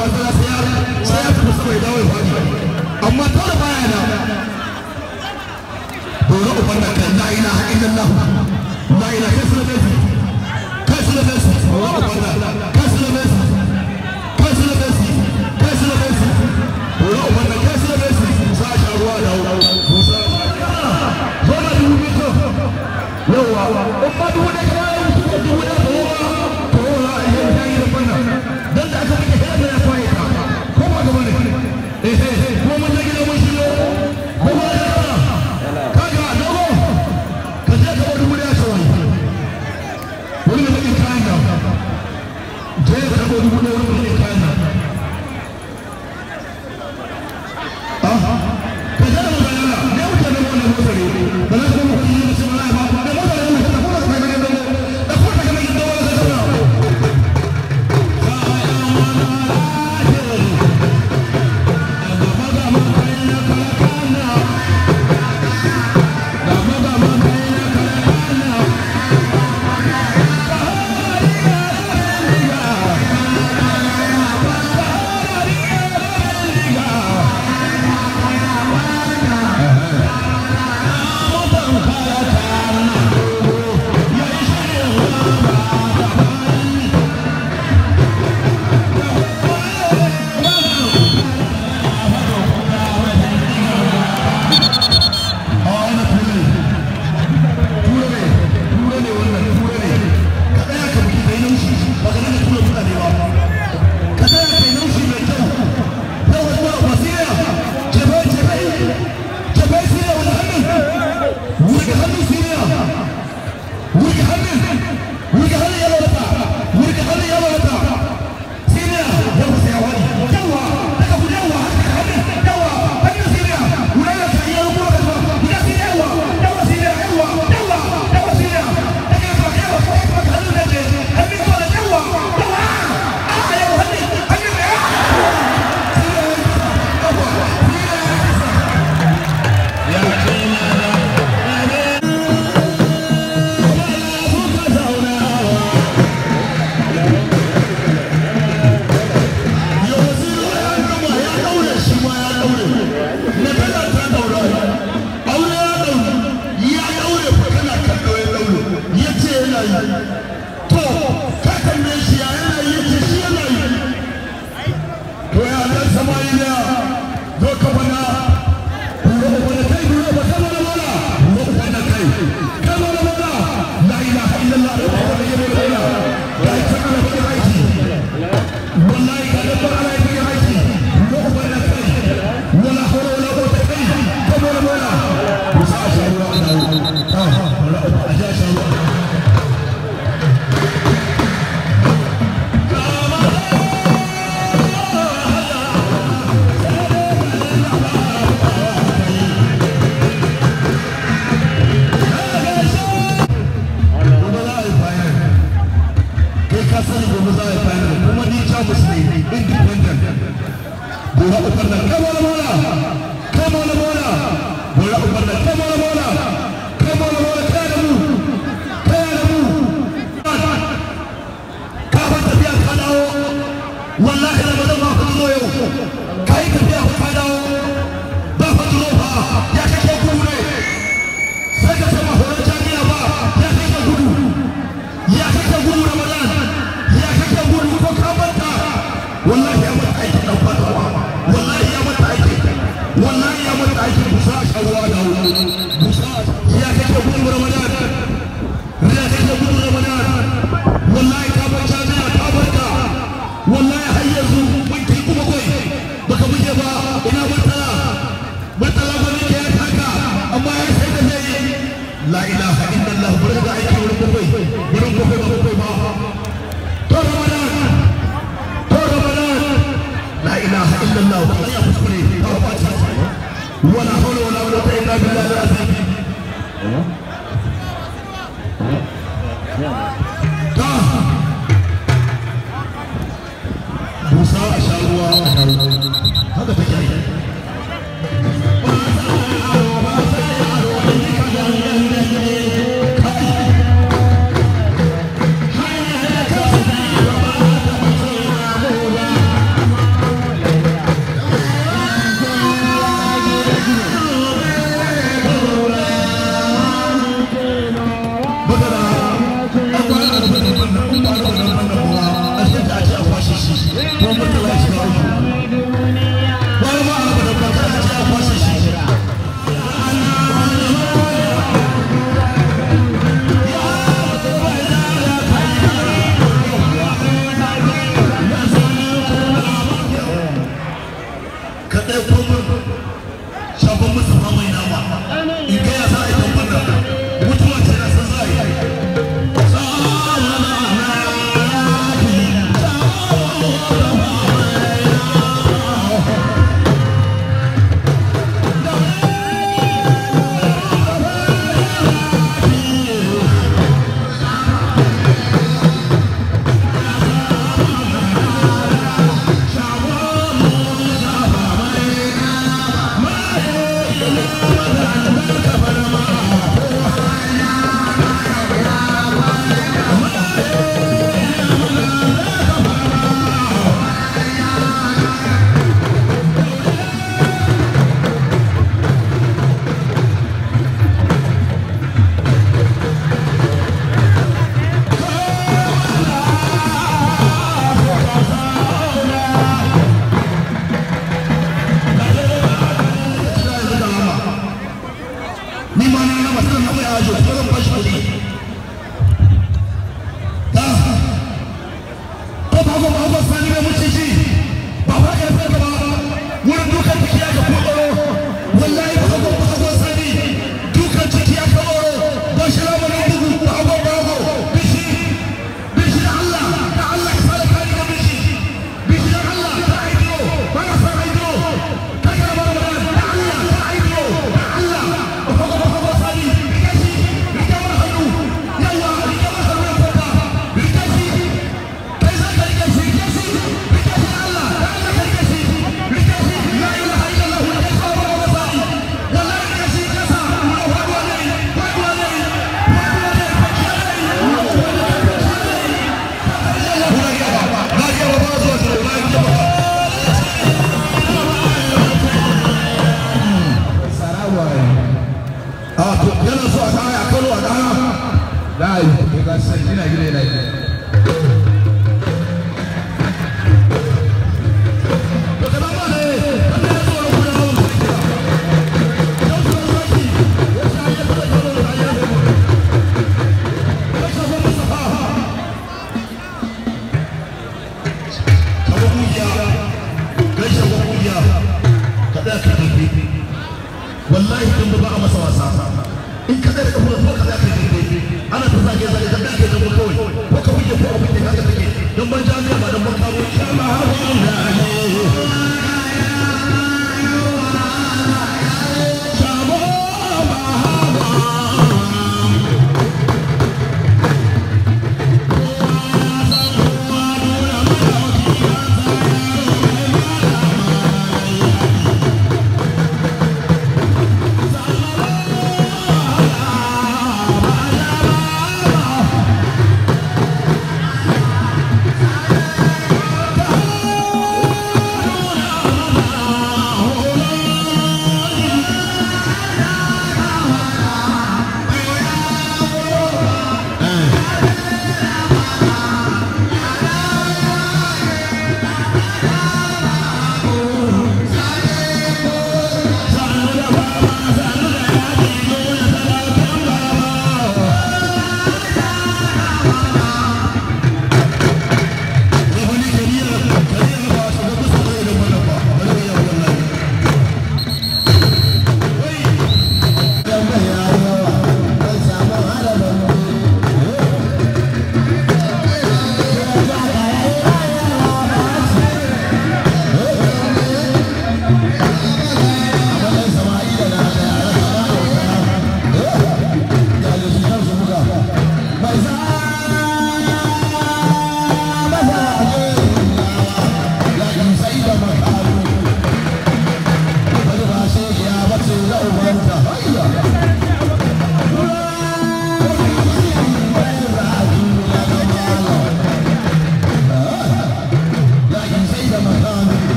kwasa sayar sai ya kusa bai dawo fadi amma to da baya da dole uban da kan la ilaha illallah la ilaha illallah kai sunan kai sunan kai sunan kai sunan kai sunan kai sunan kai sunan kai sunan dole uban da kai sunan kai sunan sa sha ruwa da musa zo da dubu biyu yawa uban dubu da kai dubu da wallahi da bazan ba kun yau kai ka fiya ka dawo ba fa duro ya kake gudu ne sai ka sama horon jami'a ba ya kake gudu ya kake gudu ramadan ya kake gudu ko ka manta wallahi ya mata aikin dan fatawa wallahi ya mata aikin wallahi ya mata aikin busa shawwa da wuri busa ya kake gudu ramadan ya kake gudu ramadan wallahi ka bar jami'a ka bar wallahi الله وليحفظ لي ولا حول ولا قوة إلا بالله العظيم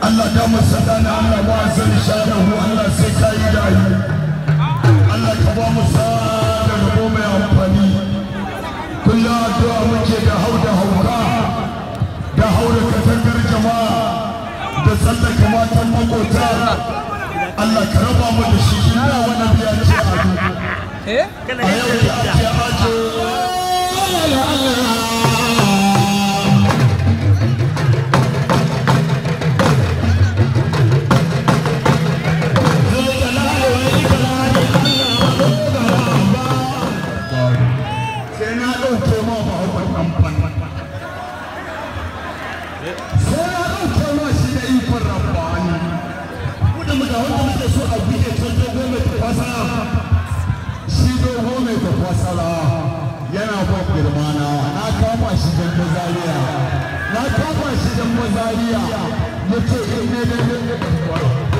Allah ta masada na Allah ba zan sharahu Allah sai ka yi da yi Allah ka ba mu sa da rabo mai amfani kullum addu'a muke da hau da hauka da hau da katangar jama'a da tsallake matan makota Allah ka raba mu da shi ina wani biya ce a eh? a yau da ake ajo ɗauke ma mahaukatan fannin sai ya ɗauke ma shi da ikon rabbani da muka wanda muke so a buɗe can dogo mai tafasara shi dogo mai tafasara yana ban girmana na kama shi don mazariya na kama shi don mazariya ya ce in ne ne ne